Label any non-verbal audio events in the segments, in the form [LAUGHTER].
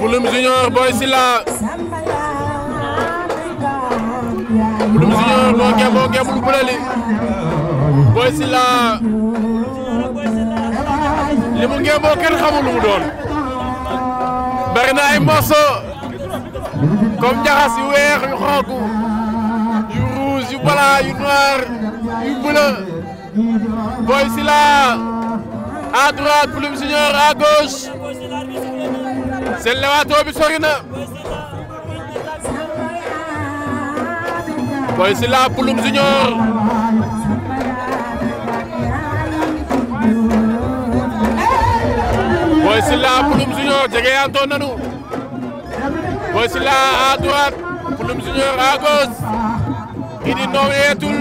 Pulum Junior Boy Sylla Pulum Junior moo gem moo gemul Buleli Boy Sylla li mu gem moo kenn xamul lu mu doon bari na ay morceau comme jaxas yu weex yu xonk yu rouge yu blanc yu noir yu bleu Boy Sylla à droite Pulum Junior à gauche seen bi sori na Boy Sylla Pulum Junior Boy Sylla Pulum Junior jegeyantoon Pulum Junior à idi nooyeetul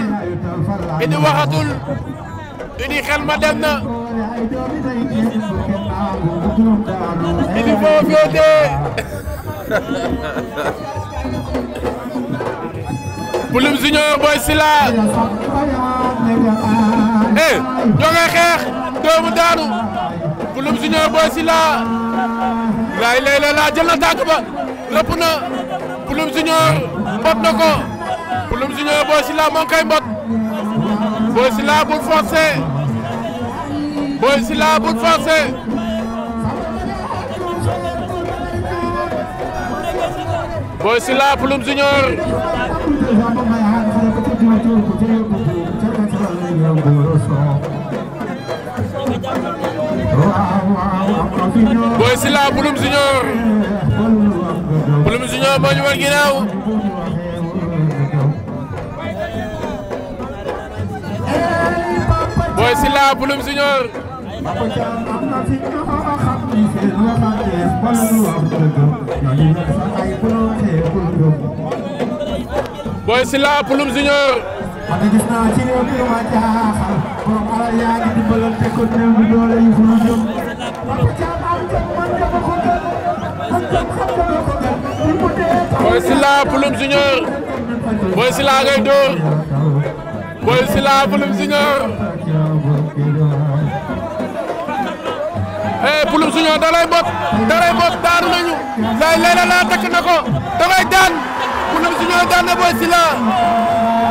idi waxatul idi xel ma dem na idi foo féete Pulum Junior Boy Sila eh ñoo ngay xeex doomu daanu Pulum Junior Boy Sila laay lay la laa jël na tànk ba rëpp na Pulum Junior mbot na ko Pulum Junior Boy Sila moo ngi koy mbot Boy Sila bul forcer Boy Sylla Bour Foncé Boy Sylla Ploum Junior Boy Sylla Ploum Junior Ploum Junior moo ñu war ginnaaw Boy Sylla Pulum Junior Boy Sylla Pulum Junior Boy Sylla Pulum Junior Boy Sylla ngay dóor Boy Sylla Pulum Junior eh Pulum Junior da lay bot da lay bot daanu nañu lay leena la takk na ko da koy daan Pulum Junior daan na Boy Sylla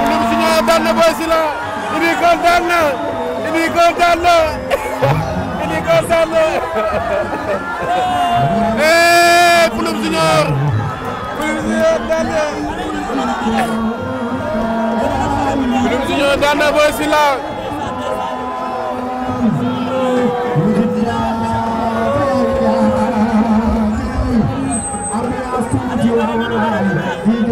Pulum Junior daan na Boy Sylla Ibi Koor daan na Ibi Koor daan na [LAUGHS] Ibi Koor daan na [LAUGHS] eh Pulum Junior Pulum Junior daan na daan na Boy Sylla